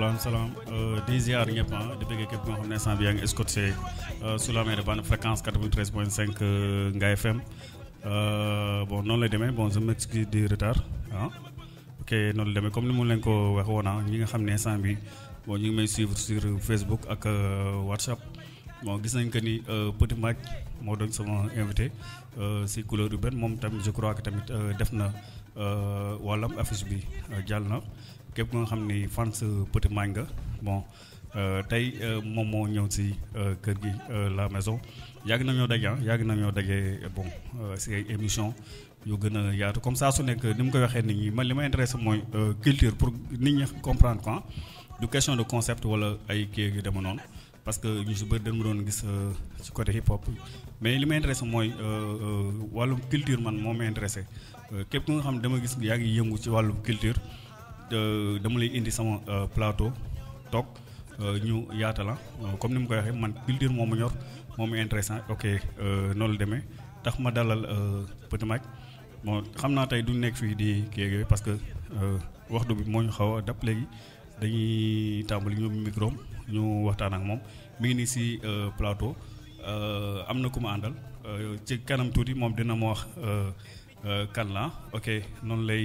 salaam salaam euh, di ziar ñëpp ah di bëggee nga xam ne instant bi yaa ngi escorté euh, sur la mer bande fréquence 93 point 5 euh, Ngaye FM bon noonu la demee bon je m'excuse du retard ah ok noonu la demee comme ni mu leen ko wax woon ah, ñi nga xam ne instant bi bon ñu ngi may suivre sur Facebook ak WhatsApp bon gis nañ que ni Petit Mac moo doon sama invité si couleur urbaine moom tamit je crois que tamit def na wàllam affiche bi jàll na. képp nga xam ni fans Petit Magne nga bon euh, tey euh, moom moo ñëw si euh, kër gi la maison yàgg nañoo daje ah yàgg nañoo daje bon si ay émission yu gën a yaatu comme ça su nekk ni mu koy waxee nit ñi man li ma intéressé mooy culture pour nit ñi comprendre quoi du question de concept wala ay kii yu dema noonu parce que ñu si bëri dañ ma doon gis ci côté hip hop mais li ma intéressé mooy wàllum culture man moo ma intéressé képp ku nga xam dama gis yaa ngi yëngu ci wàllum culture dama lay indi sama euh, plateau toog euh, ñu yaatala euh, comme ni mu koy waxee man culture moom mu ñor moom mu intéressant ok noonu la demee tax ma dalal Petit Math bon xam naa tey du nekk fii di kii parce que waxtu bi moo xaw a dab léegi dañuy tàmbali ñu micro ñu waxtaan ak moom mi ngi nii si plateau am na ku ma àndal ci kanam tuuti moom dina ma wax kan la ok noonu lay.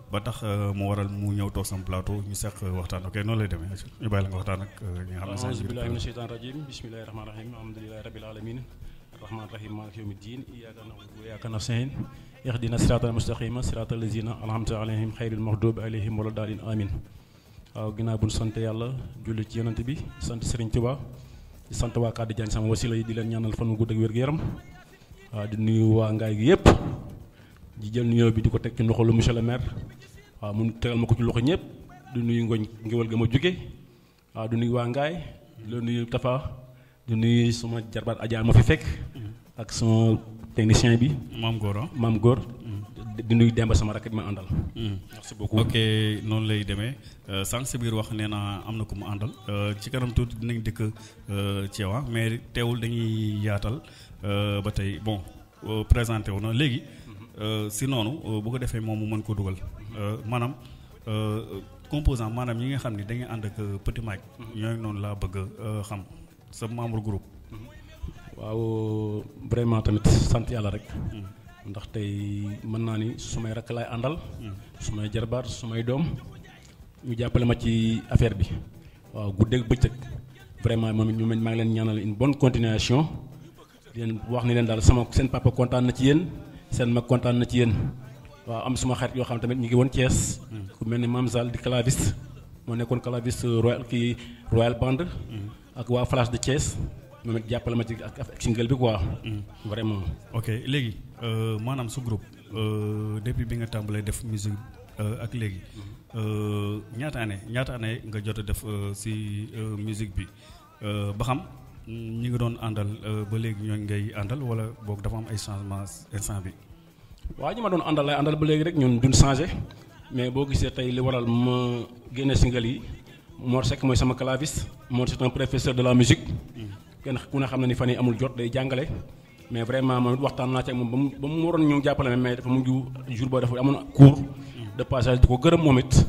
ba tax euh, mu waral mu ñëw toog sam plateau ñu seq waxtaan ok noonu lay demee ñu bàyyi la nga waxtaan ak euh, ñi nga xam ne auzu billahi mina sheytaan rajim bismillahi rahmani rahim alhamdulilahi rabil alamin rahman rahim wa iyyaka nasta'in ihdina waaw ginnaaw buñ sant yàlla julli ci yonent bi sant Sëriñ Tuubaa di sant waa Kàddu Jaañ sama wasila yi di leen ñaanal fan wu gudd ak wér-gu-yaram waaw di nuyu waa ngaay gi yëpp di jël nuyoo bi di ko teg ci ndoxalu monsieur le maire waaw mun tegal ma ko ci loxo ñëpp du nuyu ngooñ ngiwal ga ma jóge waaw du nuyu waa Ngaay lu nuyu Tafa du nuyu suma jarbaat Adja ma fi fekk ak suma technicien bi. maam Gora maam Gor. Ah. Mm. di nuyu Demba sama rakk bi ma àndal. Mm. merci ok noonu lay demee euh, sànq si biir wax nee naa am na ku mu àndal. Euh, ci kanam tuuti dinañ dëkk Ceewa euh, ah, mais teewul dañuy yaatal ba tey bon présenté wu na léegi. Euh, si noonu euh, bu ko defee moom mu mën ko dugal euh, maanaam composant maanaam ñi nga xam ni da ànd ak petit mic ñooy noonu laa bëgg xam sa membre groupe waaw vraiment tamit sant yàlla rek hmm. ndax tey mën naa ni sumay rek lay àndal hmm. sumay jarbaar sumay doom ñu jàppale ma ci affaire bi waaw guddeeg bëccëg vraiment moom ñu maa ngi leen ñaanal une bonne continuation di leen wax ni leen daal sama seen papa kontaan na ci yéen sen ma kontaan na ci yeen wa am suma xarit yo xam tamit ñi ngi won ties ku melni ni Mam Zal di claviste mo nekkon claviste royal ki royal band ak wa flash de ties moom it jàppale ma ci ak ak single bi quoi vraiment ok legui euh manam su groupe euh depuis bi nga tambalé def musique euh ak legui euh ñaata année ñaata année nga jotta def ci euh, euh, musique bi euh ba xam ñi ngi doon àndal euh, ba léegi ñooñ ngay àndal wala boog dafa am ay changement instant bi. waaw ñi ma doon àndal lay àndal ba léegi rek ñun duñ changé mais boo gisee tey li waral ma génne single yi Mor Seck mooy sama claviste moo te un professeur de la musique. Mm. kenn ku ne xam na ni fa yi amul jot day jàngale. mais vraiment man waxtaan naa ci ak moom ba mu ba mu waroon ñu jàppale mais dafa mujj jour boobu dafa amoon cours mm. de passage di ko gërëm moom it.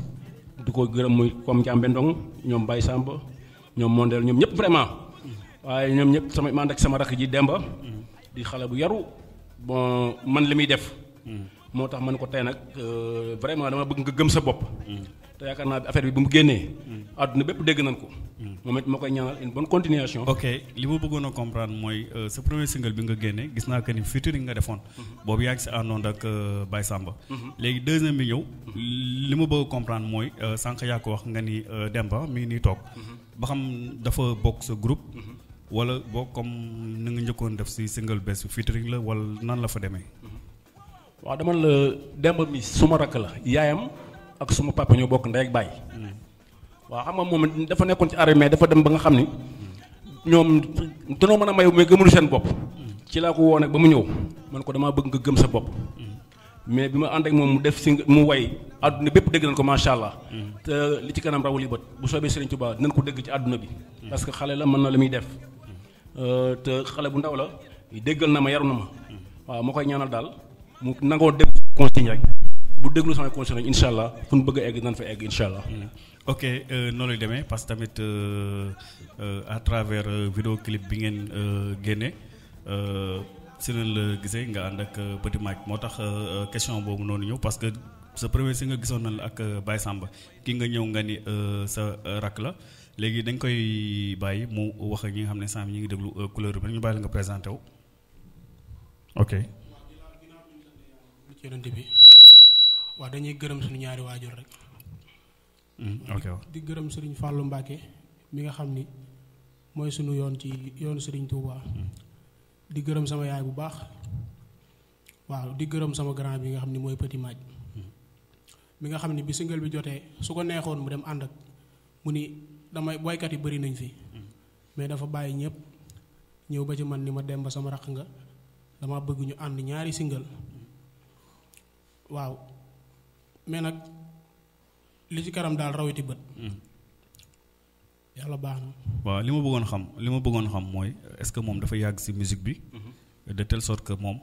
di ko gërëm muy comme Ndiambe Ndong ñoom Baye Samba ñoom Mondel ñoom ñëpp vraiment. waaye ñoom ñëpp sama man ak sama rakk ji demba di xale bu yaru bon man li muy def moo tax man ko tey nag euh, vraiment dama bëgg nga gëm sa bopp te yaakaar naa affaire bi bu mu génnee àdduna bépp dégg nañ ko moom it ma koy ñaanal une bonne continuation ok li ma bëggoon a comprendre mooy euh, sa premier single bi nga génnee gis naa que ni featuring nga defoon boobu yaa ngi si àndoon ak euh, Baye Samba léegi deuxième bi ñëw li ma bëgg a comprendre mooy sànq yaa ko wax nga ni Demba mi ngi nii toog ba xam dafa bokk sa groupe wala bo comme ni nga njëkkoon def si single best featuring la wala nan la fa demee mm-hmm. waaw dama la demb mi suma rak la yaayam ak suma papa ñoo bokk ndey ak baay mm-hmm. waaw xam nga moom dafa nekkoon ci armée dafa dem ba nga xam ni ñoom danoo mën a may mais gëmul seen bopp mm-hmm. ci laa ko woon ak ba mu ñëw man ko dama bëgg nga gëm sa bopp mais bi ma ànd ak moom def si mu way àdduna bépp dégg nañ ko macha allah te li ci kanam rawul yi bët bu soobee sëriñ tuba nañ ko dégg ci àdduna bi parce que xale la mën na la muy def Euh, te xale bu ndaw la déggal na ma yaru na ma waaw ma koy ñaanal daal mu nangoo déglu consigne rek bu déglu sama consigne rek incha allah fu ñu bëgg a egg nan fa egg incha hmm. ok euh, noonu lay demee parce que tamit euh, à travers vidéo clip bi ngeen génne si nañ la gisee nga ànd ak Petit Mike moo tax question boobu noonu ñëw parce que sa premier si nga gisoon na la ak Baye Samba ki nga ñëw nga ni sa rak la. léegi dañ koy bàyyi mu wax ak ñi nga xam ne sam ñi ngi déglu euh, couleur bi ñu bàyyi la nga présenté wu. ok. waaw dañuy gërëm ñaari waajur rek. Hmm, di gërëm Serigne Fallou Mbacke mi nga xam ni mooy suñu yoon ci yoon Serigne Touba. Hmm. di gërëm sama yaay bu baax. waaw di gërëm sama grand bi nga xam ni mooy Petit Maaj. Hmm. mi nga xam ni bi singal bi jotee su ko neexoon mu dem ànd ak mu ni. damay boykat yi bari nañ fi hmm. mais dafa bàyyi ñep ñew ba ci man ni ma dem ba sama rak nga dama bëgg ñu and ñaari single waaw mais nak li ci karam dal rawiti bëtt hmm. yalla baax na waaw li ma bëggoon xam li ma bëggoon xam moy est ce que mom dafa yag ci musique bi mhm. de telle sorte que moom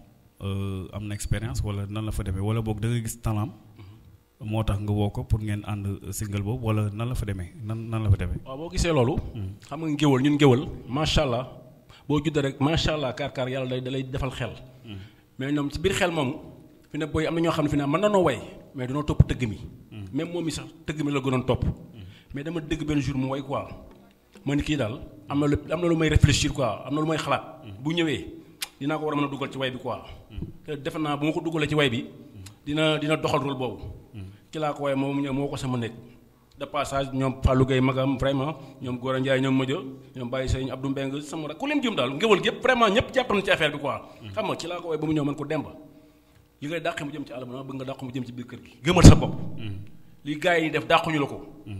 euh, am na experience wala nan la fa démé wala bok da nga gis talent moo nga wo ko pour ngeen and euh, single boobu wala nan la fa demé nan nan la fa demé wa bo gisé loolu. Hmm. xam nga ngeewal ñun ma sha allah bo juddee rek sha allah kar kar yalla day dalay defal xel. Hmm. mais ñom ci bir xel mom fi ne boy amna ño ñoo xam fi ne man nañu way mais dañu top teug mi. Hmm. même momi sax teug mi la gënon top mais dama dëgg ben jour mu way quoi man ki dal amna lu amna lu may réfléchir quoi amna lu may xalaat. bu ñëwé dina ko war mëna duggal ci way bi quoi. te bu moko duggal ci way bi dina dina doxal rôle bobu ci la ko waaye moom ñoom moo sama nek de passage ñom Fallou Gueye magam vraiment ñom Gora Ndiaye ñom Madio ñom Baye Seigne Abdou Mbeng sama rek ku leen jëm dal ngeewal gep vraiment ñep japp na ci affaire bi quoi xam nga ci la ko waaye ba mu ñëw man ko demba yi ngay dakk mu jëm ci alam na bëgg nga dakk mu jëm ci biir kër gi geumal sa bop mm. li gaay yi def dakk ñu lako mm.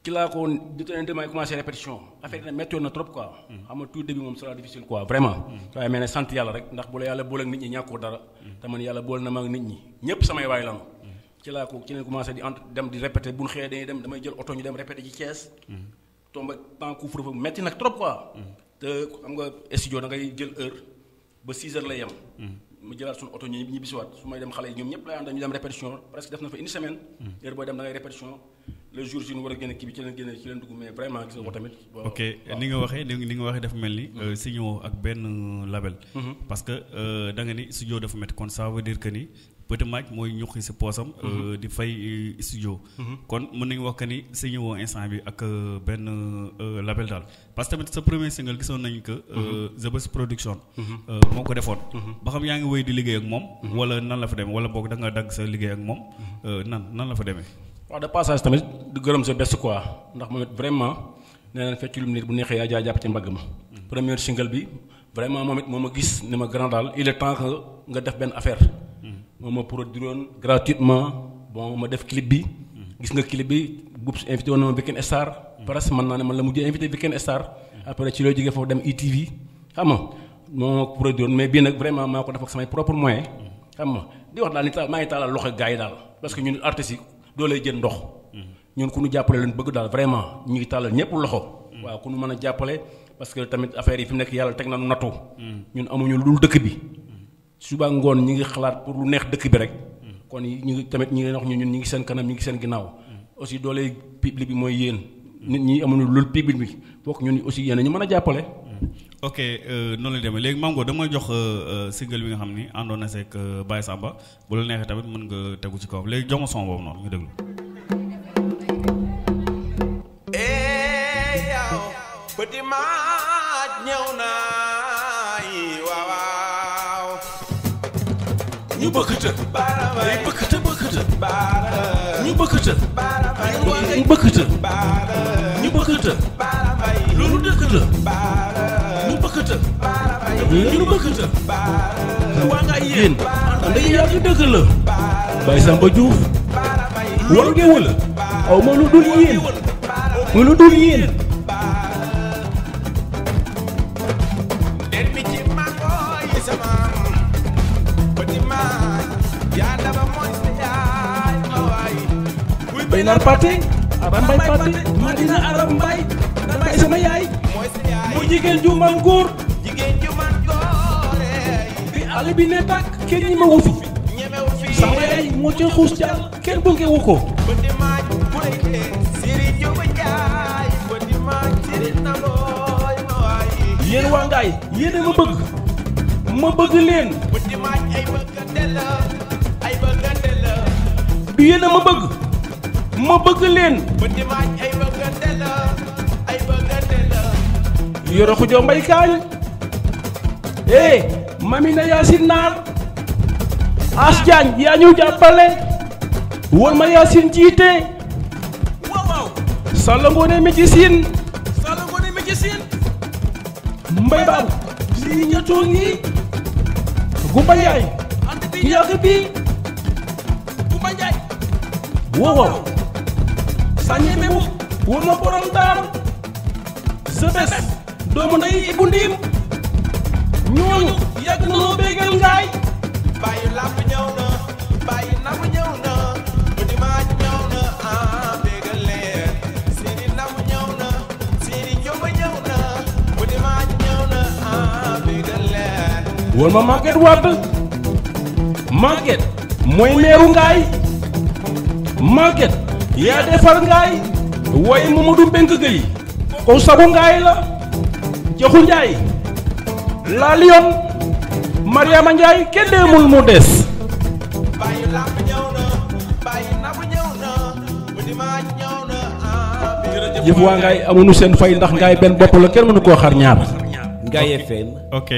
ci laa ko détonalement commencé répétition affaire yi méttoon na trop quoi. Mm. xam nga tout début moom sera difficile quoi vraiment. Mm. waaye mel sant yàlla rek ndax bu yàlla boole ak nit ñi ñàkkoo dara. Mm. te man yàlla boole na ma ak nit ñi ñëpp samay waay lañu. ci laa ko ci leen commencé di entre di répété bu ñu xëyee damay jël oto ñu dem répété ci Thiès. tombe temps couvre-feu métti nag trop quoi. te xam nga studio da jël heure ba 6 le jour si ñu war a génne kii bi ci leen génne ci leen dugg mais vraiment gis ko tamit. ok ni nga waxee ni nga waxee dafa mel ni. Mm-hmm. Euh, signoo ak benn euh, label. Mm-hmm. parce que euh, ni studio dafa si poosam. Mm-hmm. instant bi ak benn label daal parce que tamit sa premier single gisoon nañu que. Zebes production. moo ko defoon. ba xam yaa ngi wéy di liggéey ak moom. wala nan la fa demee wala boog da nga dagg sa liggéey ak moom. nan nan la fa demee. wax de passage tamit du gërëm sa best quoi ndax momit vraiment nee naan fecc lu nit bu neexee yaa jaa jàpp ci mbagg ma. première single bi vraiment momit it moo ma gis ne ma grand dal il est temps que nga def benn affaire. moom ma produire gratuitement bon ma def clip bi. gis nga clip bi Boubs invité woon na ma Weekend Star. presque mën naa ne man la mujjee invité Weekend Star. après ci loo jógee foofu dem ITV e xam nga moom ma produire mais bii nag vraiment maa ko def ak samay propre moyens xam nga di wax daal ni maa ngi taalal loxo gars yi daal parce que ñun artistes yi. doo lay jën ndox. ñun ku ñu jàppale leen bëgg daal vraiment ñu ngi tàllal ñëpp loxo. waa ku mën a jàppale parce que tamit affaire yi fi nekk yàlla teg na nu nattu. ñun amuñu lu dëkk bi. suba ngoon ñi ngi xalaat pour lu neex dëkk bi rek. kon ñu ngi tamit ñi ngi ñu ñun ñi ngi seen kanam ñi ngi seen ginnaaw. aussi doole public bi mooy yéen. nit ñi amuñu loolu public bi foog ñun aussi yéen ñu mën a jàppale. Mm. ok euh, noonu la demee léegi Mame damay jox euh, euh, single bi nga xam ni àndoon na seeg Baye Samba bu la neexee tamit mën nga tegu ci kaw léegi jox ma son boobu noonu ñu déglu. Eh, petit Madj ñëw naa yi waaw waaw. ñu bëgg te. baaraama ñu bëkkatal ñu bëkkatal ñu bëkkatal loolu dëkk la ñu bëkkatal ñu bëkkatal waa nga yéen ndax yàgg dëkk la Baye Samba Diouf war ngeen wala aw ma lu dul yéen ma lu dul yéen Ndarpate Arambay Pate Madina Arambay damay sama yaay mu jigéen ju man góor jigéen ju man góor bi ale bi ne tàkk kenn ma sama ma bëgg ma bëgg leen ma bëgg ma bëgg leen. bët yi maaj ay bëggante la Naar. As Diagne yaa ñu jàppale. wóor ma Yacine jiite. waaw waaw. Sall Ngoone médecine. Mbay Baal. lii ñettoo ngi. Gumba Njaay. ant bi yàgg bi. Gumba waaw waaw. sànni bi mu wóor ma borom daaru sebes doomu ndey Ibou Ndim ñooñu yàgg na noo bégal ngaay bàyyi làmb ñëw na bàyyi nabu ñëw na bu dimaaj ñëw na ah bégal leen seeni nabu ñëw na seeni jomba ñëw na bu dimaaj ñëw na ah bégal leen wóor ma màgget wàdd màgget mooy meeru ngaay màgget yaa defar ngaay waaye Mamadou Mbengue Gueye ko sagu ngaay la Jaxu Njaay laa lion Mariama Njaay kenn deemul mu des ah, jëf waa ngaay amuñu seen fay ndax ngaay benn bopp la kenn mënu koo xar ñaar Ngaye FM. ok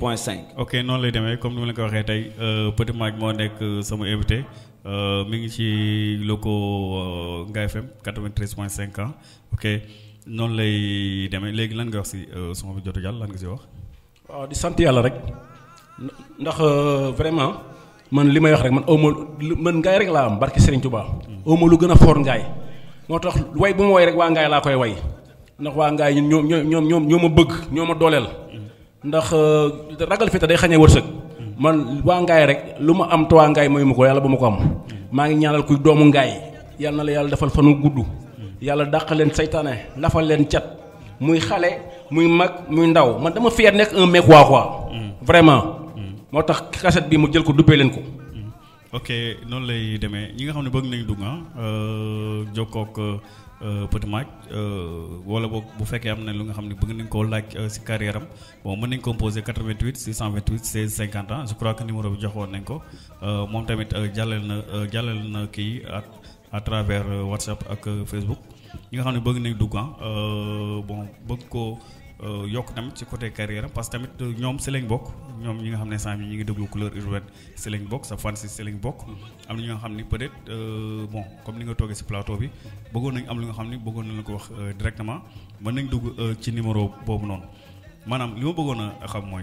point 5. ok noonu lay demee comme ni ma la ko waxee tey euh, Petit Madj moo nekk euh, sama invité. %e mi ngi ci locaux :fra %e euh, Ngaye FM 93 point :fra ant ah. ok noonu lay %e demee léegi lan nga wax si suma bu :fra jot a jàll lan nga si wax waaw di sant Yàlla rek ndax %e man li may wax rekk man aw ma lu man Ngaye rekk laa am barke Serigne Touba hmm. aw ma lu gën a fort :fra moo tax way bu ma way rek waa Ngaye laa koy way ndax waa Ngaye ñoom ñoo ñoom ñoo ma bëgg ñoo ma dooleel hmm. ndax %e ragal fete day xañee wërsëg man waa ngaay rek lu ma am tuwaa ngaay mayu ma ko yàlla ba ma ko am maa ngi ñaanal kuy doomu ngaay yàlla na la yàlla defal fanu gudd yàlla dàq leen saytaane lafal leen cat muy xale muy mag muy ndaw man dama fier nekk un mec waa vraiment moo tax cassette bi mu jël ko duppee leen ko ok noonu lay demee ñi nga xam ne bëgg nañ dugg ah euh, jokkook Euh, Petit Mac euh, wala boog bu fekkee am na lu nga xam ne bëgg nañ koo laaj euh, si carrière am bon mën nañ composé 88 628 16 50 ans je crois que numéro bi joxoon nañ ko moom tamit jàllale na jàllale na kii at à travers WhatsApp ak Facebook ñi nga xam ne bëgg nañ dugg bon bëgg koo. Euh, yok tamit ci côté carrière parce que tamit euh, ñom ci lañ bok ñom ñi nga xamné sam ñi ngi déglu couleur urbaine ci lañ bok sa fan ci lañ bok am ñoo nga xamni peut-être euh bon comme ni nga togué ci plateau bi bëggon nañ am lu nga xamni bëggon nañ ko wax euh, directement mën nañ dugg ci numéro bobu non manam li ma bëggon na xam moy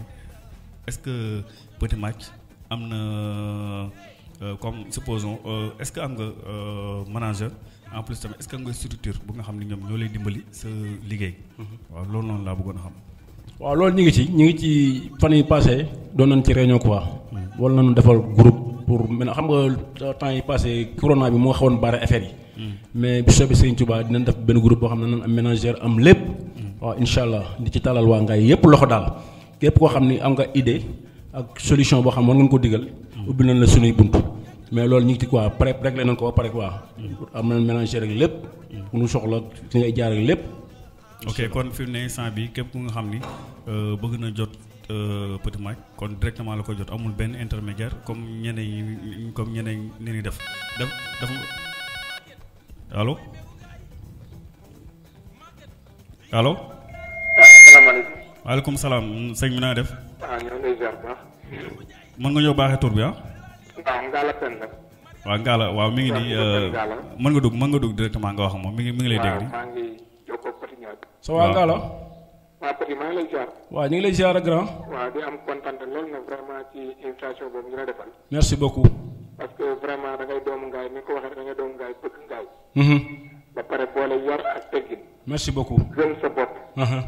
est-ce que petit match amna comme supposons est-ce que am nga manager en plus tamit est-ce que nga structure bu nga xam ne ñoom ñoo lay dimbali sa liggéey. Mhm. waaw loolu noonu laa bëggoon a xam. waaw loolu ñu ngi ci ñu ngi ci fan yu passé doon nañ ci réunion quoi. Hmm. wala nañu defal groupe pour maintenant xam nga temps yi passé corona bi moo xawoon bare affaire hmm. mais bu soobee Serigne def benn groupe boo xam ne nañ am ménagère am lépp. Hmm. waaw incha allah di ci talal waa Ngaye yépp loxo daal képp koo xam ni am nga idée ak solution boo xam ne war ngeen ko digal. ubbi nañ la suñuy bunt. mais loolu ñu ngi ci quoi pré réglé nañ ko ba pare quoi. am nañ mélangé rek lépp. ku ñu soxla fi ngay jaar ak lépp. ok kon fi mu ne instant bi képp ku nga xam ni euh, bëgg na jot euh, petit mac kon directement la ko jot amul benn intermédiaire comme ñeneen ñi comme ñeneen ñi ni def daf dafa allo allo. asalaamaaleykum. maaleykum salaam sëñ bi naa def. ah ñoo ngi lay ziar bu baax. mën nga ñëw baaxee tur bi ah wa Penda. waaw Gala waaw mi ngi man eh, nga dug man nga dug directement nga wax mo mi ngi mi ngi lay dégg nii. maa ngi jokkoo Petit Niak. sa Gala. waa Petit maa lay jaar wa ñi ngi lay jaar grand. wa di am contente lool na vraiment ci invitation boobu ñu la defal. merci beaucoup. parce que vraiment da ngay dom ngaay mi ko waxe da ngay dom ngaay bëgg ngaay. ba bo lay yar ak teggine merci beaucoup. gëm sa hmm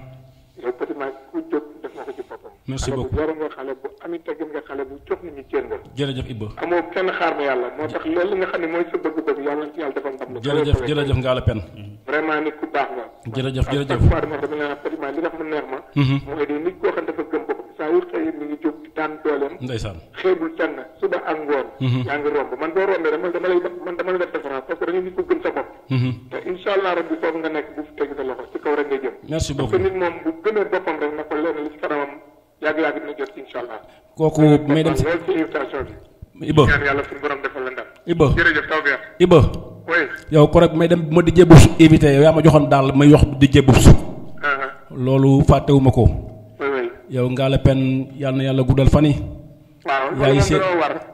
loolu peut-être nag ku jóg def na ko ci boppam. merci beaucoup xale bu nga xale bu amit teggin nga xale bu jox nit ñi cër nga. jërëjëf Ibba. amoo kenn xaar na yàlla moo tax loolu nga xam ne mooy sa bëgg-bëgg yàlla ci yàlla defal ndam la. jërëjëf jërëjëf nga la pen. vraiment nit ku baax nga. jërëjëf jërëjëf waaw parce que li nga xam neex ma. Mhm. mooy de nit koo xam dafa gëm boppam saa yu xëy mi ngi jóg daan dooleem. ndeysaan xeebul fenn suba ak ngoon. Mhm. yaa ngi romb man boo rombee dama dama lay man dama la def référence parce que dañu nit ko gën a bopp. Mhm. te incha allah rabbi foofu nga nekk bu fi teg sa loxo ci kaw rek ngay jëm. merci beaucoup parce que nit moom bu gënee boppam rek na ko loolu ci invitation bi. ma di jébbus invité uh-huh. loolu fàttewuma ko yow Ngalla Pène yal na yàlla guddal fan yi waaw yaay se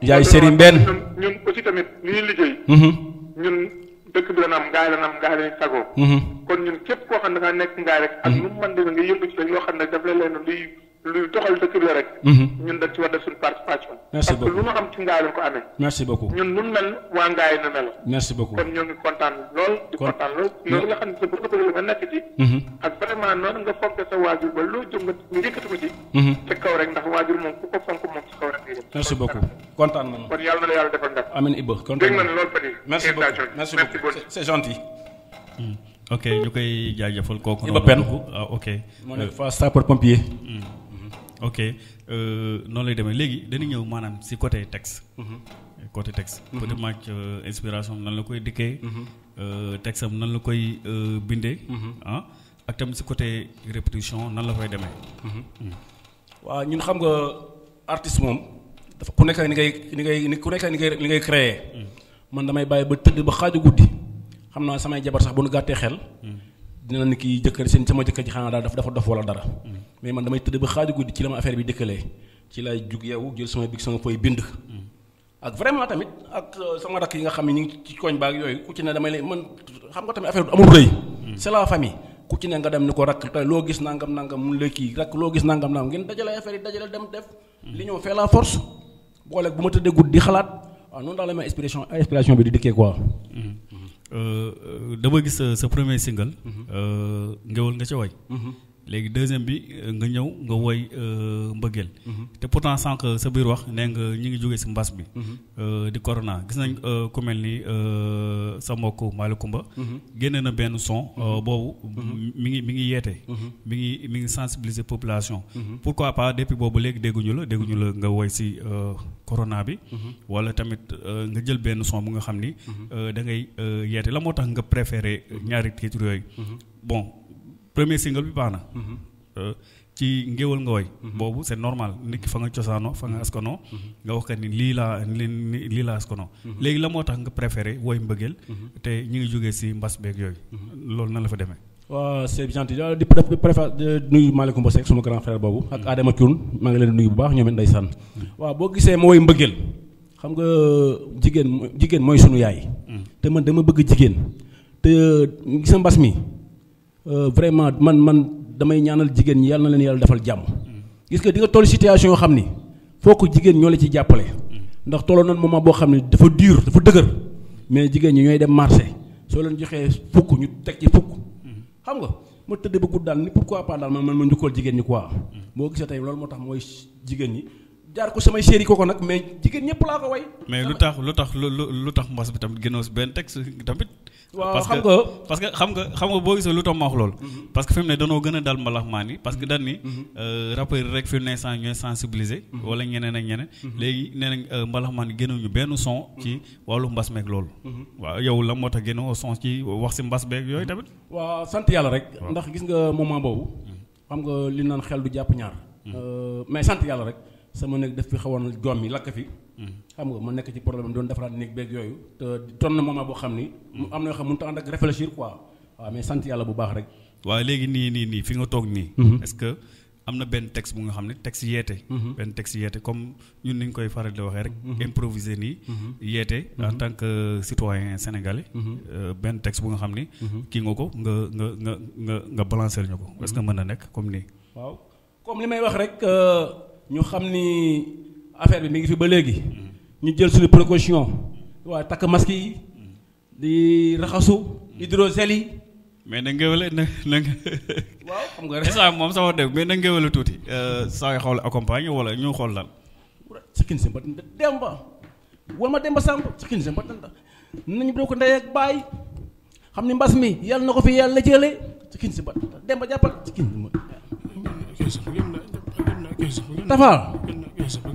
yaay Serigne Mbène ñun aussi tamit li ñuy liggéey. Mhm. ñun dëkk bi dana am ngaay dana am ngaay lañuy sagoo. Mhm. kon ñun képp koo xam ne da mhm. leen luy. luy doxal dëkk bi la rek. Mhm. ñun dañ ci war def suñu participation. merci beaucoup parce que lu ma am ci ngaay lañ ko amee. merci beaucoup ñun nun mel waa ngaay na mel. merci loolu nga ko nga nekk ci. Mhm. ak vraiment noonu waajur ba loo jëm nga ko ci. Mhm. ci kaw rek ndax waajur moom ku ko fonk moom ci kaw rek ngay def. merci kontaan nañu. kon yàlla na yàlla defal ndam. amiin Iba kontaan nañu dégg nga ne loolu tamit. merci beaucoup merci beaucoup c'est gentil. Hmm. ok ñu koy jaajëfal kooku. Iba Pène ah, ok. moo nekk fa sapeur pompier. Hmm. ok euh, noonu lay demee léegi dañu ñëw maanaam si côté texte. Mhm. côté texte. peut-être mhm. maak euh, inspiration nan la koy dikkee. Mhm. Euh, texte am nan la koy bindee. ah ak tam si côté répétition nan la koy demee. Hmm. waaw ñun xam nga artiste moom dafa ku nekk ni ngay ni ngay ku nekk ni ngay li ngay créer hmm. man damay bàyyi ba tëdd ba xaaju guddi xam naa samay jabar sax bu nu gàttee xel. Hmm. dina ni kii jëkkër seen sama jëkkër ji xanaa daal dafa dafa dof wala dara. mais man damay tëdd ba xaaju guddi ci la affaire bi dëkkalee ci la jug sama sama vraiment tamit ak euh, sama yi nga ci koñ ku ci ne damay man xam nga tamit affaire amul c'est la famille. ku ci ne nga dem ni ko rak tey loo gis nangam nangam mun kii gis nangam nangam ngeen affaire yi dem def. li fait la force. des bu ma tëddee guddi xalaat waaw ah, la inspiration inspiration bi di quoi. Mm-hmm. Mm-hmm. Euh, euh, dama gis premier single. Mm-hmm. nga léegi deuxième bi euh, nga ñëw nga woy euh, mbëggeel mhm. te pourtant sànq sa biir wax nee nga ñi ngi jógee si mbas bi mhm. euh, di corona gis nañ ku mel ni sa mbokk Malicoumba mhm. génne na benn son boobu mi ngi mi ngi yeete mi ngi mi ngi sensibiliser population pourquoi pas depuis boobu léegi dégguñu la dégguñu la nga woy si corona bi wala tamit nga jël benn son bu nga xam ni da ngay yeete la moo tax nga préféré ñaari titre yooyu bon premier single bi baax na. Mhm. Euh, ci ngéwal nga woy mhm. boobu c'est normal nit fa nga cosaanoo fa nga askanoo mhm. nga wax ka ni lii laa lii laa askanoo léegi la moo tax nga préféré woy mbëggeel te ñu ngi jógee si mbas beeg yooyu loolu nan la fa demee waaw c'est gentil euh, di préfère nuyu Malick Mbose suma grand frère boobu ak aadama Thioune maa ngi leen nuyu bu baax ñoom it ndeysaan waaw boo gisee ma woy mbëggeel xam nga euh, jigéen jigéen mooy sunu yaay te man dama bëgg jigéen mbas mi Euh, vraiment man man damay ñaanal jigen ñi yalla na leen yàlla defal jàmm. gis nga di nga toll situation yoo xam ni foo ko ñoo la ci jappalé ndax tolloo non moment boo xam ne dafa dur dafa dëgër mais jigen ñi ñoy dem marché so leen joxé fukk ñu tek ci fukk. xam nga mo tëdd bu gudd dal ni pourquoi pas dal man man ma njukkal jigéen ñi quoi. bo gisee tay loolu motax moy jigen jigéen ñi jaar ko samay séeri koko nak mais jigéen ñëpp la ko way. mais lutax lutax lutax mbass bi tam génnoo si texte tamit. parce que parce que xam nga xam nga bo gisee lu tax ma wax lool mhm. parce que fi mu ne danoo gën a dal mbalax maan yi parce que dañ ni. Mhm. Euh, rappeurs yi rek fi mu ne sens ñooy sensibiliser. Mhm. wala ñeneen ak ñeneen. léegi nee nañ euh, mbalax maan yi génnuñu benn son. ci wàllu mbass meeg lool waaw yow la moo tax génnoo son ci wax si mbass beeg yooyu tamit. waaw sant yàlla rek. ndax gis nga moment boobu. xam nga li naan xel du jàpp ñaar. Euh, mais sant yàlla rek. sama nekk daf fi xawoon joom yi lakk fi mm-hmm. xam nga ma nekk ci problème doon defaraat néeg beeg yooyu te ton na moment boo xam ni mu am na yoo xam mënut a ànd ak réfléchir quoi waaw mais sant yàlla bu baax rek waaw léegi nii nii fi nga toog nii mm-hmm. est-ce am na benn texte bu nga xam mm-hmm. ni euh, kii nga ko nga nga nga nga nga balancer ñu ko est-ce que mën na nekk comme nii waaw comme li may wax rek euh, ñu xam ni affaire bi mi ngi fi ba léegi ñu jël suñu précaution waa takk masque yi di raxasu hydrogel yi mais na ngewale na na waaw xam nga isa mom sama def mais na ngewale tuuti euh sa xol accompagne wala ñu xol lan sikin sem bat ba wala ma ba sam sikin sem bat nañu do ko ndey ak bay xamni mbass mi yalla nako fi yalla jëlé sikin sem bat ba jappal sikin Tapha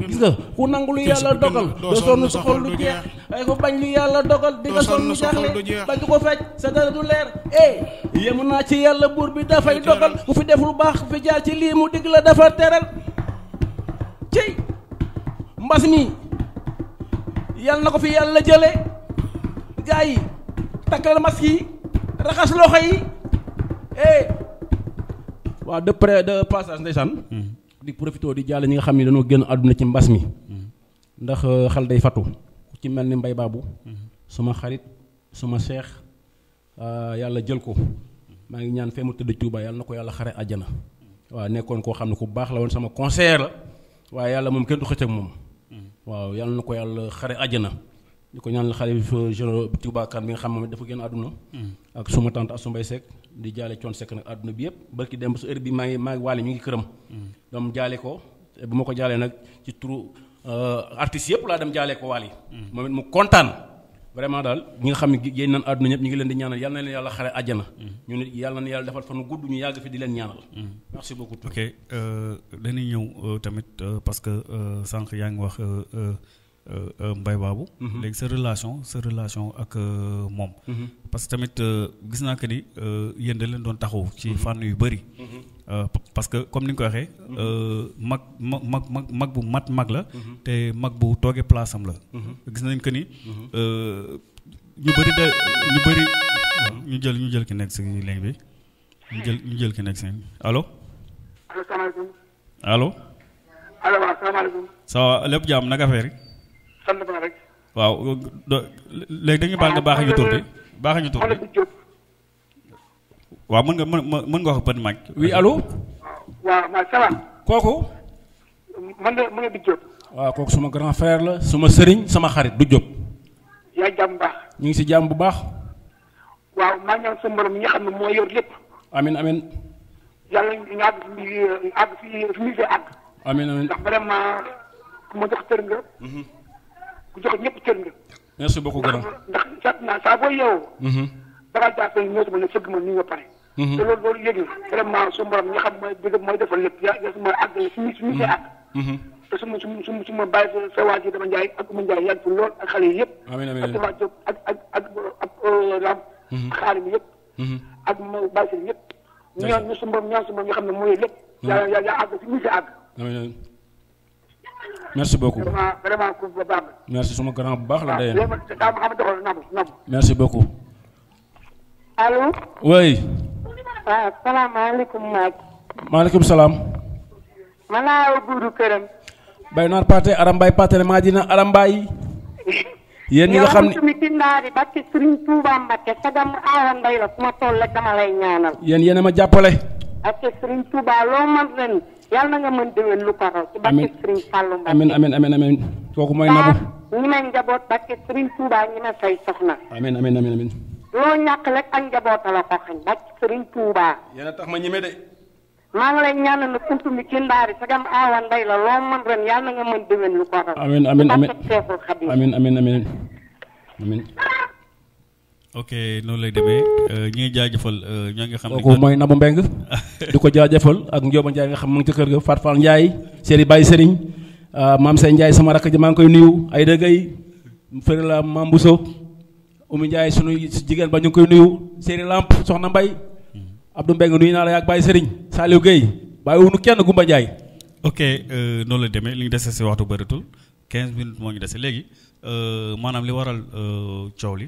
gis nga ku nangu lu yàlla dogal doo sonn sa du jeex waaye ko bañ lu yàlla dogal di nga sonn jaaxle bañ du ko fecc sa dara du leer eh naa ci yàlla buur bi dafay dogal ku fi def lu baax ku fi jaar ci lii mu digg la dafa teral ci mbas mi yàlla na ko fi yàlla jële gaa yi takkal masque yi raxas loxo yi eh waaw de près de passage ndeysaan hmm. di profité di jàll ñi nga xam ne dañoo génn àdduna ci mbas mi ndax euh, xel day fatu ci mel ni mbay baabu suma xarit suma seex euh, yàlla jël ko maa ngi ñaan fee mu tëdd Tuuba yàlla na ko yàlla xare àjjana waaw nekkoon koo xam ne ku baax la woon sama conseiller la waaye yàlla moom kenn du xëcc ak moom waaw yàlla na ko yàlla xare àjjana di ko ñaanal xalif général Touba Kane bi nga xam moom dafa génn àdduna mm. ak suma tante Assou Mbaye Seck di jaale coon Seck nag àdduna bi yëpp barki dem ba su heure bi maa ngi maa ngi waale ñu ngi këram mm. doom jaale ko bu ma ko jaalee nag ci turu euh, artistes yëpp laa dem jaalee ko waale mm. moom it mu kontaan vraiment daal ñi nga xam ne génn nañ àdduna ñëpp ñu ngi leen di ñaanal yàlla na leen yàlla xare àjjana ñu nit yàlla na yàlla defal fan gudd ñu yàgg Euh, euh, mbay Babou mm-hmm. léegi sa relation sa relation ak euh, moom mm-hmm. parce que tamit gis naa que ni yéen da leen doon taxaw ci mm-hmm. fànn yu bëri parce que comme ni nga koy waxee mag mag mag mag mag bu mat mag la te mag bu toogee place am la gis nañ que ni ñu bëri da ñu jël ñu jël ki nekk si ligne bi ñu jël ñu jël ki nekk si allo allo salaamaaleykum allo allo lépp jàmm naka affaire yi sant naa rek. waaw léegi dañu baal nga baax ñu tur bi baax ñu tur bi waaw mën nga mën mën nga wax bët mag. oui allo. waaw ma salaam. kooku. man la man la du Diop. waaw kooku suma grand frère la suma sëriñ sama xarit du Diop. yaa ngi bu baax. ñu ngi si jàmm bu baax. waaw maa ñaan sa mborom mi nga xam ne moo yor lépp. amin amin ndax vraiment ku ma jox tër nga. Mhm. ku joxe ñëpp cër nga. merci beaucoup Gara ndax ndax naa saa booy yeewoo. da ngaa jàpp ne ñoom ne fëgg ma nii nga pare. te loolu loolu yëg na vraiment su borom ñi xam mooy bëgg mooy defal lépp yaa yaa su ma àggale suñu suñu see àgg. te su ma su ma su ma bàyyi sa sa waa ji dama njaay ak ma njaay yàgg fi lool ak xale yi yëpp. amiin amiin ak sama jóg ak ak ak ak raam. xaar mi yëpp. ak ma bàyyi si yëpp. ñaan ñu su borom ñaan su borom ñi xam ne mooy lépp. yaa yaa yaa àgg fi ñu see àgg. merci beaucoup vraiment vraiment ku baax la. merci suma grand bu baax la. waaw yow xam merci beaucoup. allo. oui. waaw ah, salaamaaleykum Mate. salaam. ma naa guudu këram. bay naar paate aram bay maa ji na aram bay. xam ne yow ma toll rek dama lay ñaanal. loo mën leen. yàlla na nga mën déwén lu ko raw. ci barke Serigne Fallou Mbacké amiin amiin amiin amiin kooku mooy nabu ñi ma njaboot barke Serigne Touba ñi ma say soxna. amiin amiin amiin amiin. loo ñàkk rek ak njaboota la ko xañ barke Serigne Touba. yéen a tax ma ñeme de. maa ngi lay ñaanal na kuntu mi ci ndaari sagam aawa nday la loo mën ren yàlla na nga mën déwén lu ko raw. amiin amiin amiin ci ok noonu lay demee euh, ñu ngi jaajëfal euh, ñoo ngi xam ne kooku mooy Nabou Mbengue di ko jaajëfal ak Ndioba Ndiaye nga xam mu ngi ci kër ga Fatou Fall Ndiaye Serigne Baye Serigne euh, maam Sey Ndiaye sama rakk maa ngi koy nuyu ay dëggay fëri la maam sunu jigéen ba ñu ngi koy nuyu Serigne Lamp soxna Mbaye hmm. Abdou Mbengue nuyu naa ak Baye Serigne Saliou Gueye bàyyi wunu kenn Goumba Ndiaye ok noonu lay demee li ñu dese si waxtu bëritul 15 minutes moo ñu dese léegi maanaam li waral coow li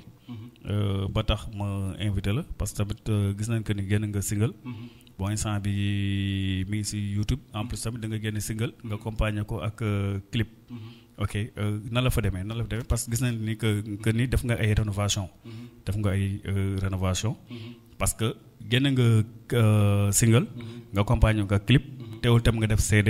Euh, ba tax ma invité la parce que tamit euh, gis nañ que ni génn nga single. Mhm. bon instant bi mi ngi si YouTube en plus tamit da nga génn single nga accompagner ko ak euh, clip. Mhm. ok nan la fa demee na la fa demee parce que gis nañ ni que que ni def nga ay rénovation. Mhm. def nga ay rénovation. parce que génn nga single. nga accompagner ko ak clip. teewul tam nga def CD.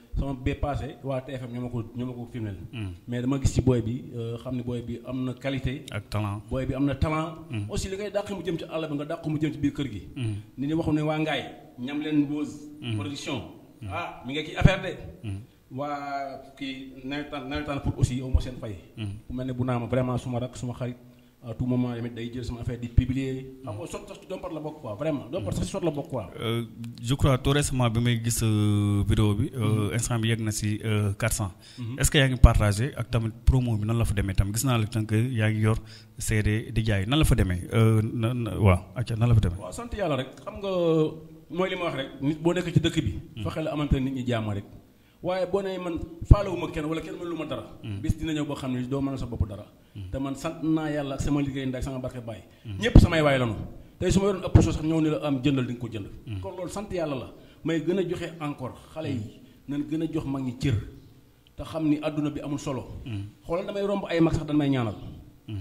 sama bee passé waa TFM ñoo ma ko ñoo ma ko filmel hmm. mais dama gis ci booy bi euh, xam ne booy bi am na qualité. ak talent booy bi am na talent. Hmm. aussi li ngay dàq mu jëm ci àll bi nga dàq mu jëm ci biir kër gi. Hmm. nit ñi waxu ne waa Ngaye ñam leen Mboose. production ah mi ngi kii affaire de. waa kii nawetaan nawetaan pour aussi yow ma seen fay. ku mel ne bu naa ma vraiment suma rak suma xarit. à tout moment tamit day jël sama affaire di publier. xam ah, nga sot sax ci la bokk quoi vraiment Dompat par si sot la bokk quoi. Euh, je crois tout récemment bi may gis euh, vidéo bi. Euh, mm-hmm. instant bi yegg na si 400. Mm-hmm. est-ce que yaa ngi partagé ak tamit promo bi nan la fa demee tam gis naa le tant que yaa ngi yor CD di jaay nan la fa demee na na waaw nan la fa demee. waaw sant yàlla rek xam nga mooy li ma wax rek nit boo nekk ci dëkk bi. Mm. fexe la amante nit ñi jaama rek. waaye boo nee man faalawuma kenn wala kenn mën lu ma dara mm. bis dina ñëw boo xam ne doo mën sa bopp dara mm. te man sant naa yàlla ak sama liggéey ndax sama barke bàyyi mm. ñépp samay waay lanu tey su ma la am jëndal di nga ko jënd loolu sant yàlla la may gën a joxe encore xale yi nañ gën a jox mag ñi cër te xam ni àdduna bi amul solo xoolal damay romb ay mag sax dañ may ñaanal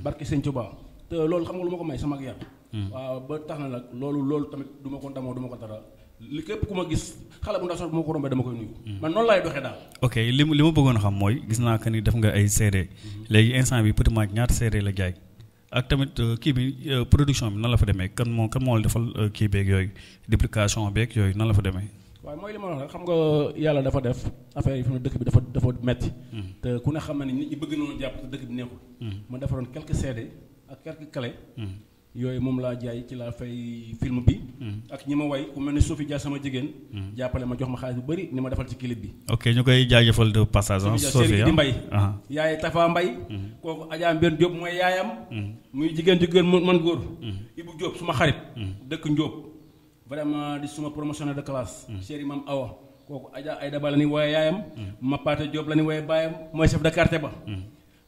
barke Sëñ Tuubaa te loolu xam lu ma ko may sama ak yar waaw ba tax na nag loolu loolu tamit du ma ko ndamoo du ma ko dara li képp ku ma gis xale bu ndaw sax bu ma ko rombee dama koy nuyu. man noonu laay doxee daal. ok li li ma bëggoon xam mooy gis naa que ni def nga ay CD. Mhm. léegi instant bi Petit Madj ñaata CD la jaay. ak tamit euh, kii bi euh, production bi nan la fa demee kan moo kan moo la defal euh, kii beek yooyu duplication beek yooyu nan la fa demee. waaw mooy li ma wax xam nga yàlla dafa def affaire yi fi ma dëkk bi dafa dafa metti mhm. te ku ne xam na ni nit ñi bëgg nañu jàpp te dëkk bi neexul. Mhm. ma yooyu moom laa jaay ci laa fay film bi. Mm-hmm. ak ñi ma woy ku mel ne Sophie Dia sama jigéen. Mm-hmm. jàppale ma jox ma xaalis bu bëri ni ma defal ci clip bi. ok ñu koy jaajëfal de passage. Sophie di mbay. Uh-huh. yaay Tafa Mbay. Mm-hmm. kooku Adja Mbène mooy yaayam. muy jigéen ju gën man góor. Ibou Diop suma xarit. dëkk Ndiop. di suma promotionnaire de classe. chéri mam Awa kooku Adja Ayda la ñuy wooyee yaayam. Mapate Diop la ñuy wooyee baayam mooy chef de quartier ba.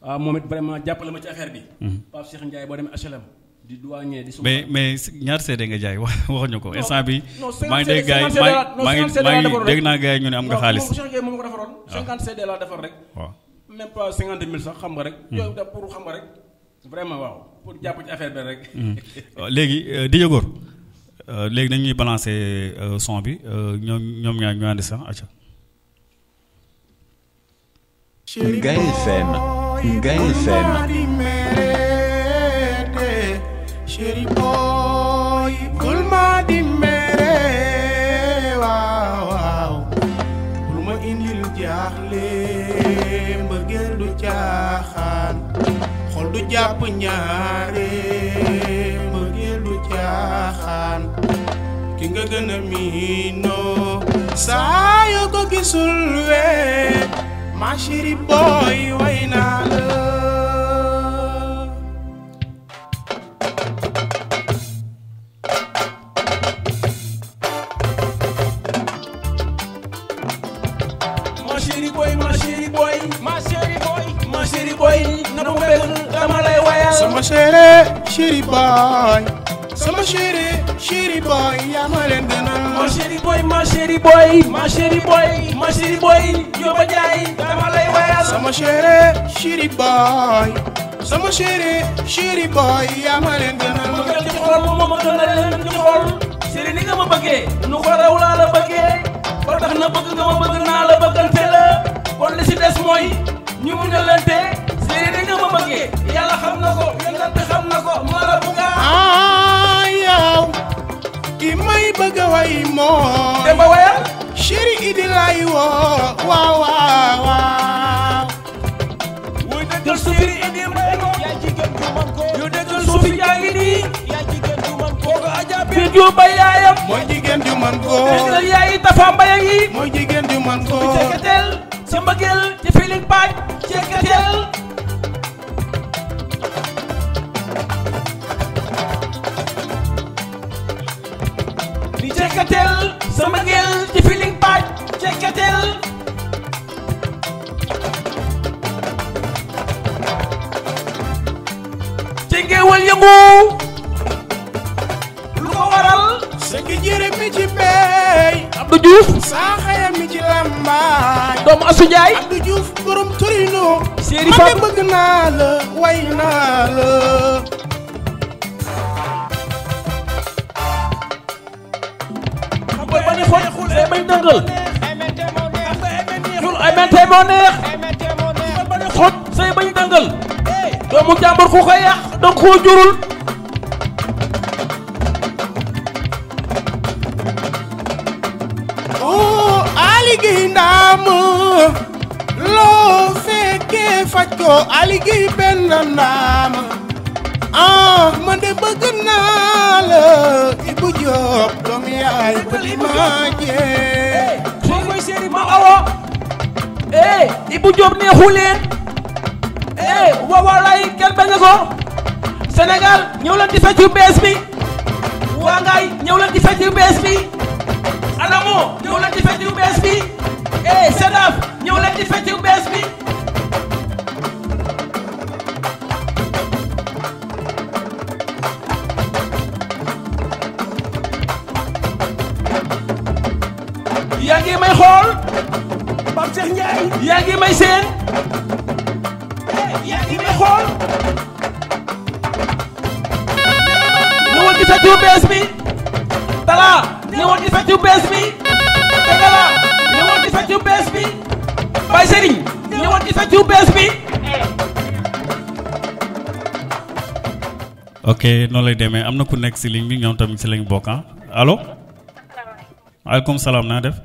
waaw ah moom it vraiment jàppale ma ci affaire bi. Pape Cheikh Ndiaye boo demee HLM. di douanier di mais mais ñaar sédé nga jaay waxuñu ko instant bi ma ngi dégg gaay ma ngi ma ngi dégg naa gaay ñu ne am nga xaalis moom ko defaroon 50 ah. CD laa defar rek même pas 50 000 sax xam nga rek hmm. yooyu da pour xam nga rek vraiment waaw pour jàpp ci affaire bi rek hmm. léegi euh, Didier Gor euh, léegi dañuy balancer euh, son bi ñaar ñu andi sax acca Gaël Gaël Chéri boy bul ma di mere waaw waaw bul ma indil jaaxle mbëggeel du caaxaan xol du jàpp ñaare mbëggeel du caaxaan ki nga gën a miinoo saa yoo ko gisul we ma chéri boy way naa la sama chéri chéri boy yaa ma leen gënal ma chéri boy ma chéri boy ma chéri boy ma chéri boy yow ma jaay dama lay wayal sama chéri chéri boy sama chéri chéri yaa ma leen gënal ma gën ci ma a leen ci ma bëggee nu ko raw la bëggee ba tax na bëgg nga ma naa la bëggante la kon li si des mooy ñu mun a lente chéri ni nga ma bëggee yàlla xam na ko Ah, yow ki may bëgg a way moo. Demba wayal. Chéri Idi lay woo waaw waaw waaw. wuy dëggal Chéri Idi mbay ko. yaa jigéen ju man ko. yu dëggal suufi jaa ngi nii. yaa jigéen ju man ko. kooku Adja bi ju bay yaayam. mooy ko. dëggal yaayi Tafa Mbaye yi. mooy jigéen ju ko. bi cekketel sa mbëggeel ci Feeling sama ngeel ci Feeling Baaj cekkatel ci ngeewal yëngu lu ko waral sëgg jëre mi ci beey Abdou Diouf saa xaya mi ci làmbaay doomu Asu Njaay Abdou Diouf borom Torino Serigne Fall man bëgg naa la way naa la bay dëngal ñun MNT moo neex xot say bay dëngal doomu jàmbur ku ko yàq danga koo jurul oh, aligi ndaam loo fekkee faj ko aligi benn ndaam ah de bëgg naa Diop doom yaay bëli ma jee soo koy seeri ma awa eh Ibou Diop neexu leen eh waawalaay kenn bañ a Sénégal ñëw leen di fecc yu bees bi waa ngaay ñëw di fecc yu bees bi Adamo ñëw leen di fecc yu bees bi eh Sedaf ñëw leen di fecc yu bees bi Cheikh Ndiaye yaa ngi may seen yaa ngi may xool ne woon di feccu bees bi dala ne woon di feccu bees bi te dala ne woon di feccu bees bi Baye Serigne ne woon di feccu bees bi ok noonu lay demee am na ku nekk si ligne bi ñoom tamit si lañ bokk ah allo. waaleykum salaam naa def.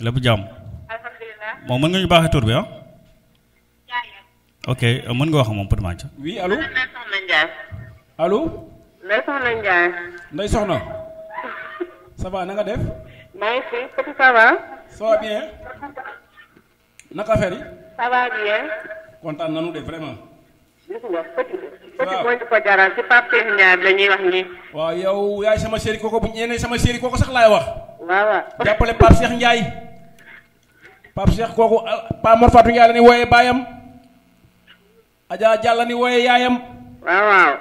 lépp jàmm. moom mën nga ñu baaxee tur bi ah. ok mën nga wax moom Pod Manca. oui allo. allo. Ndeye Soxna Ndiaye. Ndeye na def. maa ngi fi Petit ça va. ça va bien. naka affaire yi. kontaan nañu de vraiment. gis nga Petit. waaw Petit ko jaral ci Pape Ndiaye la ñuy wax nii. waaw yow yaay sama chéri ko bu ñeneen sama chéri kooku sax laay wax. waaw jàppale Pape Cheikh Ndiaye. pap Cheikh koku eh, pa Mor Fatou Ndiaye ni woyé bayam Adja jalla ni woyé yayam waaw waaw.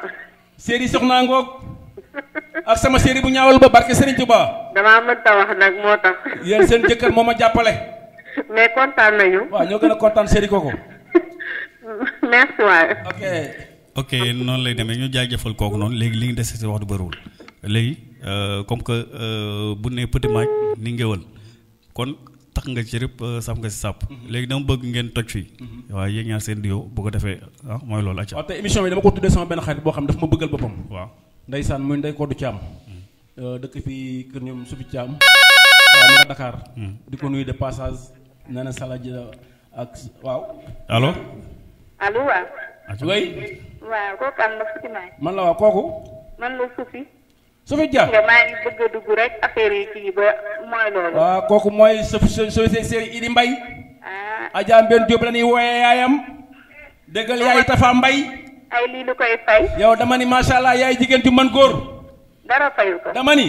seri soxna ngok ak sama seri bu ñaawal ba barké Serigne Touba. dama damaa ta wax nak motax yeen seen jëkkat moma jappalé jàppale. mais kontaan nañu. wa ñoo gëna contane seri koku merci waay. ok. ok non lay démé ñu jaajeufal koku non légui li ngi déssé ci wax du bërul légui euh comme que euh bu né petit match ni ngeewal kon tax nga ci rep sam nga ci eh, sap mhm. legui dama bëgg ngeen tok fi mhm. wa yeen ñaar seen dio bu ko defé ah, moy lool acca té émission bi dama ko tuddé sama ben xarit bo xam dafa ma bëggal bopam wa ndaysan muy nday ko du ciam mhm. euh dëkk fi kër ñom sufi ciam ma dakar diko nuyu de passage nana sala ji ak waaw allo allo wa way waaw ko kan la futi may man la wa koku man la sufi Sophie Dia nga maa ngi bëgg dugg rek affaire yi kii ba mooy loolu waaw kooku mooy Sophie Seri Idi Mbay ah. Adja Mbène Diop la ñuy wooyee yaayam dëggal yaay Tafa Mbay ay lii lu koy fay yow dama ni macha allah yaay jigéen man góor dara fayu ko dama ni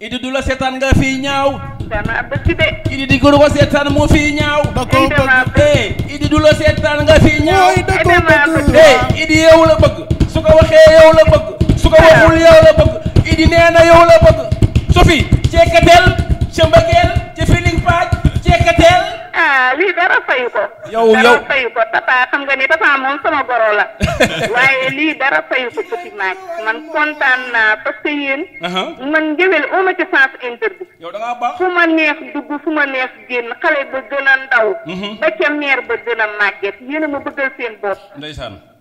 idi nga ñaaw dama de idi di ko setan mu fii ñaaw da ko bëgg eh idi du la nga fii ñaaw da ko bëgg eh idi yow la bëgg yow la bëgg waxul yow la bëgg géej gi nee la bëgg Sophie ceekateel ca mbëggeel ah lii dara fayu ko yow yow dara fayu ko papa xam nga ni papa moom sama goro la waaye lii dara fayu ko Sophie Mack man kontaan naa parce que man ngéwél oma ci sens interdit fu ma neex dugg fu ma neex génn xale ba gën a ndaw mhm. ba ca meer ba gën a màgget yéen ma bëggal seen bopp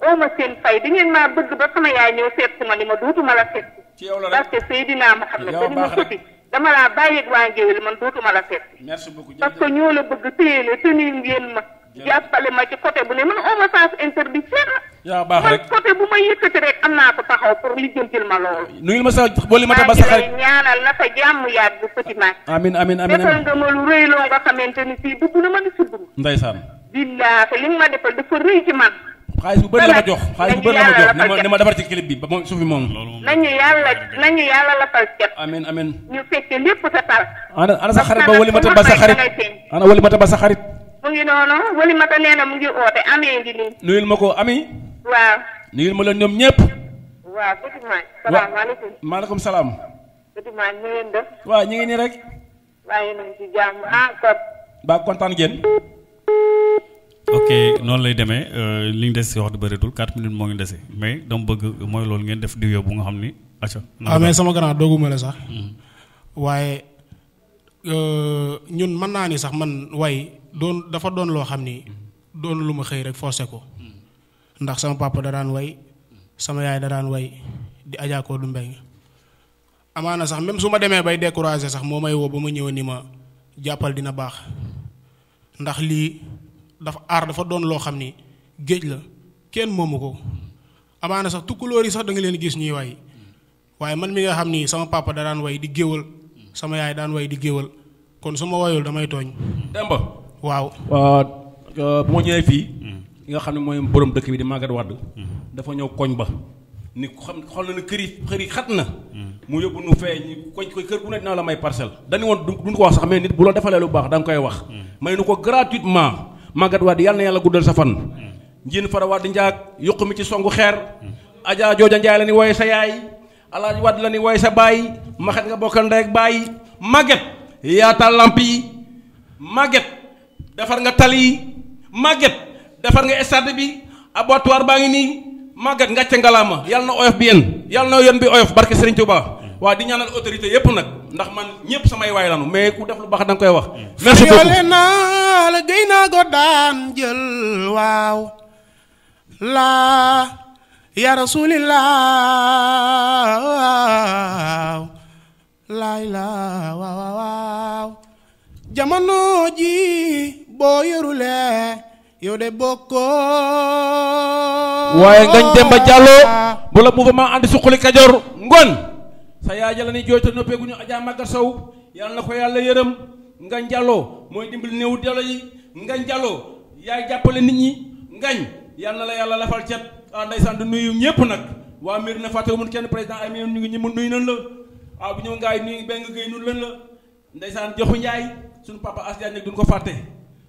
oo ma seen fay di ngeen maa bëgg ba sama yaay ñëw seet si ma ni ma duutuma la seet si parce que Seydina Muhammad dañu ma sëti dama laa bàyyeeg duutuma la seet si parce que ñoo la bëgg téye la tenir ngeen ma jàppale ma ci côté bu ne man oma sens interdit yaa ma yëkkati rek am naa ko taxaw pour lijjantil ma loolu. nuyul ma sa booli ma ta ba sa xarit ñaanal na sa jàmm yàgg bu petit ma. amiin amiin amiin defal nga ma lu rëy loo nga xamante ni fii dugg na ma ni si dugg. ndeysaan. billaahi li nga ma defal dafa rëy ci man. xaalis bu bëri la ma jox xaalis bu bëri la ma jox ne ma defar ci clip bi moom moom. nañu yàlla nañu yàlla la fal cet. amin amin ñu fekk lépp sa tal. ana ana sa xarit ba walimata ba sa xarit ana walimata ba sa xarit. mu ngi noonu walimata nee na mu ngi oote amee ngi nii. nuyul ma ko ami. waaw nuyul ma leen ñoom ñëpp. waaw bëgg maa salaamaaleykum. maaleykum salaam. ngeen def. waaw ñu ngi nii rek. waaye nañ ci jàmm ah kon. ba kontaan ngeen. ok noonu lay demee euh, li ñu des si wax du bëreetul 4 minutes moo ngi dese mais dama bëgg mooy loolu ngeen def diw bu nga xam ni. acca ah mais sama grand dooguma la sax. Hmm. waaye euh, ñun mën naa ni sax man way doon dafa doon loo xam ni doon lu ma xëy rek forcé ko. Hmm. ndax sama papa da daan way sama yaay da daan way di ajaakoo du mbéy amaana sax même su ma demee bay découragé sax moo may woo ba ma ñëw ni ma jàppal dina baax ndax lii. dafa aar dafa doon loo xam ni géej la kenn moomu ko amaana sax tukkulóor yi sax da nga leen gis ñuy way waaye man mi nga xam ni sama papa da daan way di géwal sama yaay daan way di géwal kon su ma woyul damay tooñ. Demba waaw. bu ma ñëwee fii. ki nga xam ne mooy borom dëkk bi di Maguette Wade. dafa ñëw koñ ba. ni xam xool na ne kër yi kër xat na. mu yóbbu nu fee ñu koñ koy kër bu ne dinaa la may parcelle. dañu woon duñ ko wax sax mais nit bu la defalee lu baax da nga ko gratuitement. magat waadi yalla yalla guddal sa fan hmm. jin fara waadi ndiak yuq mi ci songu xer aja jooja njaay la ni wooye sa yaay alaaji waadi la ni wooye sa ma maxet nga bokal ndek bay magat ya ta lampi magat defar nga tali magat defar nga stade bi abattoir bangi ni nii magat ngàcce ngalama yalla na oyof bi no yàlla na bi oyof barke Serigne Touba wa di ñaanal autorité yépp nag ndax man ñépp samay way lanu mais ku def lu baax dang koy wax mm. merci beaucoup yoole naa la gëy naa ko daan jël waaw la ya rasulillah waaw la la wa wa jamono ji bo yorulee yo de bokko waaye ngañ demba jallo bu la mouvement andi suqali kadior ngone sa yaay jala ni jooyta noppeeguñu ajaa màggat sow yàlla na ko yàlla yërëm ngañ jàlloo mooy dimbali néew doole yi ngañ jàlloo yaay jàppale nit ñi ngañ yal na la yàlla lafal cet ah ndeysaan di nuyu ñépp nag waa mbir na fàttewu mun kenn président ay mu ngi ñi nuyu nan la waaw bu ñëw ngaay nuyu benn géy nun lan la ndeysaan joxu njaay suñu papa as diagne nag duñ ko fàtte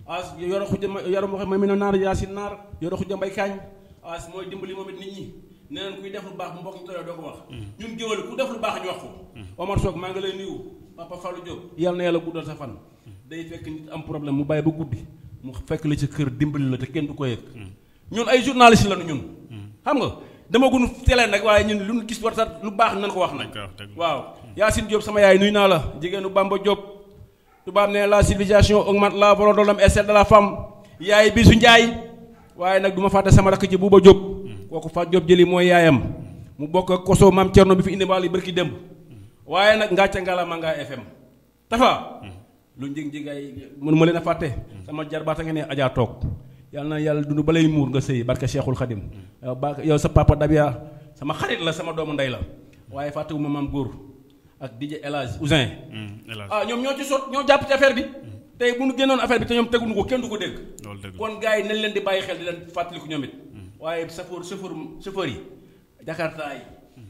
as yoro xujja yoro ma mi na naar yaa si naar yoro xujja mbaykaañ as mooy dimbali moom it nit ñi nee nañ kuy def lu baax bu mbokk ñu tollee doo ko wax hmm. ñun géwël ku def lu baax ñu wax ko hmm. Omar Sock maa ngi lay nuyu Papa Fallou Diop yàlla na yàlla guddal sa fan hmm. day fekk nit am problème mu bàyyi ba guddi mu fekk la ci kër dimbali la te kenn du ko yëg ñun ay journaliste lañu ñun xam nga dama gunu télé nag waaye ñun lu ñu gis war sax lu baax nañ ko wax nag waaw Yacine Diop sama yaay nuyu naa la jigéenu Bamba Diop tubaab ne la civilisation augmente la volonté de de la femme yaay bi su njaay waaye nag du ma fàtte sama rakk ci Bouba kooku Fatou Diop jëli mooy yaayam mu bokk ak koso maam Thierno bi fi indi baal yi bërki démb waaye nag ngàcca ngala manga FM tafa lu njëg njëgaay mënu ma leen a fàtte sama jar nga ne a toog yàlla na yàlla dund balay muur nga sëy barke Cheikhul Khadim ba yow sa papa Dabia sama xarit la sama doomu ndey la waaye fàttewu ma maam góor ak DJ El Hadj Ousin mm, ah ñoom ñoo ci sot ñoo jàpp ci affaire bi tey bu nu génnoon affaire bi te ñoom teguñu ko kenn du ko dégg kon gars yi nañ leen di bàyyi xel di leen fàttaliku waaye safoor chauffeur chauffeur yi jakarta yi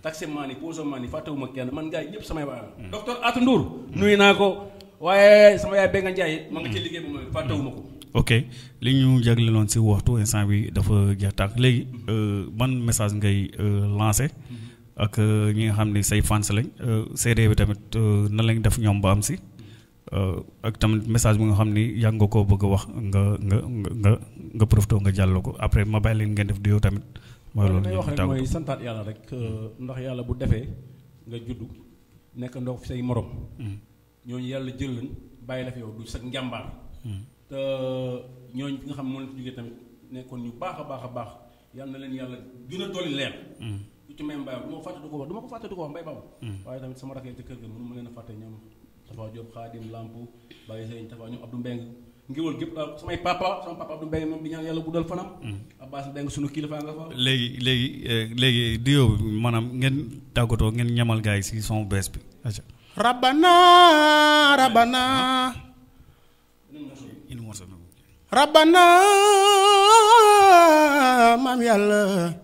taximan yi posoman yi fàttewuma kenn man gars yi ñëpp samay waay la docteur Atou Ndour nuyu naa ko waaye sama yaay Benga Ndiaye ma nga ci liggéey bu ma fàttewuma ko ok li ñu jagleeloon si waxtu instant bi dafa jeex tàkk léegi man mhm. euh, message ngay euh, lancé mhm. ak euh, ñi nga xam ne say fans lañ CD bi tamit nan lañ def ñoom ba am si ak tamit message bu nga xamni ya nga ko bëgg wax nga nga nga nga profito nga jallo ko après ma bayil ngeen def du tamit mooy loolu ñu wax rek mooy santaat yàlla rek euh, ndax yalla bu defee nga judd nek ndox say morom mm-hmm. ñoo yalla jël leen bayil la fi yow du sax njambar mm-hmm. te ñoo nga xam mo ñu tamit nekkon ñu baaxa baaxa baax yalla na leen yalla gëna doli leer mm-hmm. ci même mbayam mo ma fàtte du ko wax duma ko fàtte du ko wax mbay baaw waye tamit sama rakk ci kër ga mënu ma leen a ñoom Tafa Diop Khadim Lampu Baye Serigne Tafa ñoom Abdou Mbeng ngiwul gep eh, samay papa sama papa Abdou Mbeng mom di ñaan yalla budal fanam hmm. Abbas Mbeng sunu kilifa nga fa legi legi eh, legi diyo manam ngeen tagoto ngeen ñamal gaay ci son bes bi acha rabbana rabbana ini morso rabbana mam yalla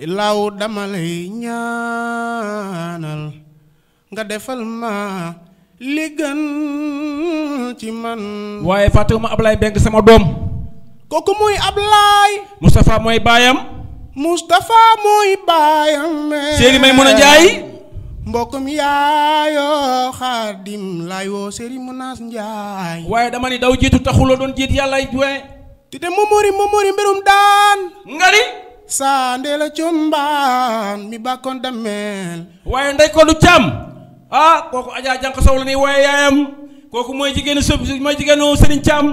ilaw dama ñaanal nga defal ma li gën ci man. waaye fàttewuma Ablaye Mbengue sama doom. kooku muy Ablaye. Moustapha mooy baayam. Moustapha mooy baayam. Sëriñ may mën a jaay. mbokkum yaayoo xaadim laayoo Sëriñ Munaas Njaay. waaye dama ni daw jiitu taxuloo doon jiit yàlla ay juwe. ti te momori momori mbirum daan. nga ni. saa la combaan mi bàkkoon dameel. waaye ndey ko lu càmm. ah koku aja jang sow la ni waye yaayam koku moy jigen jigenu moy jigenu serin cham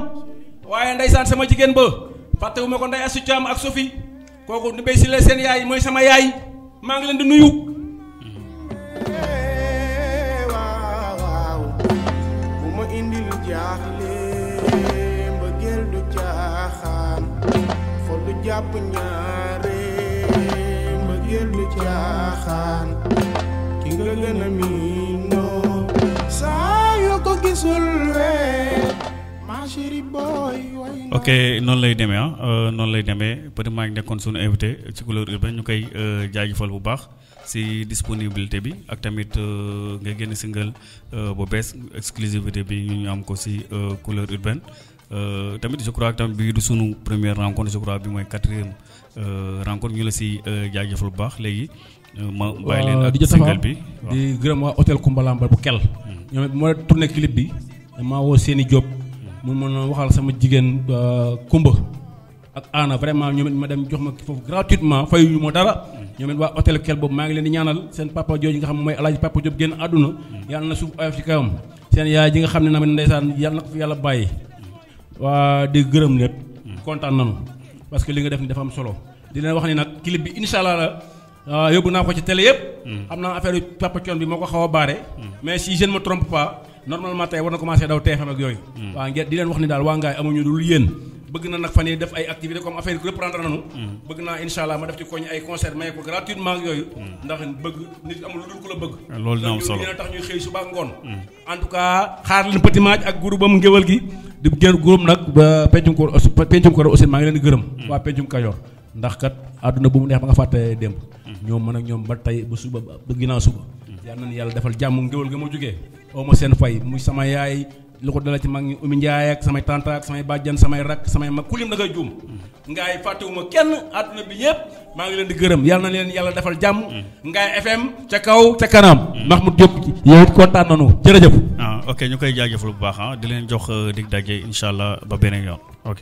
waye ndaysan sama jigen ba fatewuma ko nday asu cham ak sofi koku ni be le sen yayi moy sama yayi ma ngi len di nuyu indil jaxle mbeugel du jaxam japp ñaare mbeugel du jaxam ki nga gëna mi ok non lay demee ah euh, non lay demee peut être maa ngi nekkoon suñu invité ci couleur urbaine ñu koy euh, jaajëfal bu baax si disponibilité bi ak tamit euh, nga génn single bu bees exclusivité bi ñu am ko si couleur urbaine tamit je crois tamit bii du sunu première rencontre je crois bi mooy quatrième rencontre ñu la si jaajëfal bu baax léegi ma bàyyi leen ak single bi di gërëm waa hôtel Kumbalamba bu kel hmm ñoom it moo tourné clip bi dama woo seeni job mu mën waxal sama jigéen euh, kumba ak ana vraiment ñoom it ma dem jox ma foofu gratuitement fayuñu ma dara ñoom it waa hôtel kel boobu maa ngi leen di ñaanal seen papa jooju nga xam mooy alaaji papa job génn àdduna yàlla na suuf oyof ci kawam seen yaay ji nga xam ne namit ndeysaan yàlla na ko fi yàlla bàyyi waa di gërëm lépp kontaan nanu parce que li nga def ni dafa am solo di leen wax ni nag clip bi incha allah la Euh, yóbbu naa ko ci télé yëpp hmm. xam naa affaire papa coon bi moo ko xaw a baare hmm. mais si je ne me trompe pas normalement tay war na commencé daw TFM ak yooyu hmm. waa ngeen di leen wax ni daal waa ngaay amuñu dul yéen bëgg na nag fan yi def ay activité comme affaire reprendre nañu bëgg naa insha allah ma def ci koñ ay concert may ko gratuitement ak yooyu ndax bëgg nit amul lu dul ku la bëgg eh, loolu na am solo dina tax ñuy xëy suba ngoon en tout cas xaar leen petit match ak groupe am ngeewal gi di gën groupe nag ba pencum ko pencum ko aussi ma ngi leen di gërëm waa pencum kayor ndax kat aduna bu mu neex ba nga fàtte démb ñoom man ak ñoom ba tey ba suba ba ginnaaw suba yàlla nañ yàlla defal jàmm ngéwal ga ma jógee aw ma seen fay muy sama yaay lu ko dala ci mag ñi umi njaay ak samay tanta ak samay bàjjan samay rak samay mag kulim da ngay juum ngaay ma kenn aduna bi yépp maa ngi leen di gërëm yàlla na leen yàlla defal jàmm ngaay fm ca kaw ca kanam mahmoud diop yow it kontaan nanu jërëjëf ah ok ñu koy jaajëfal lu baax ah di leen jox euh, dig daje inshallah ba beneen yoon ok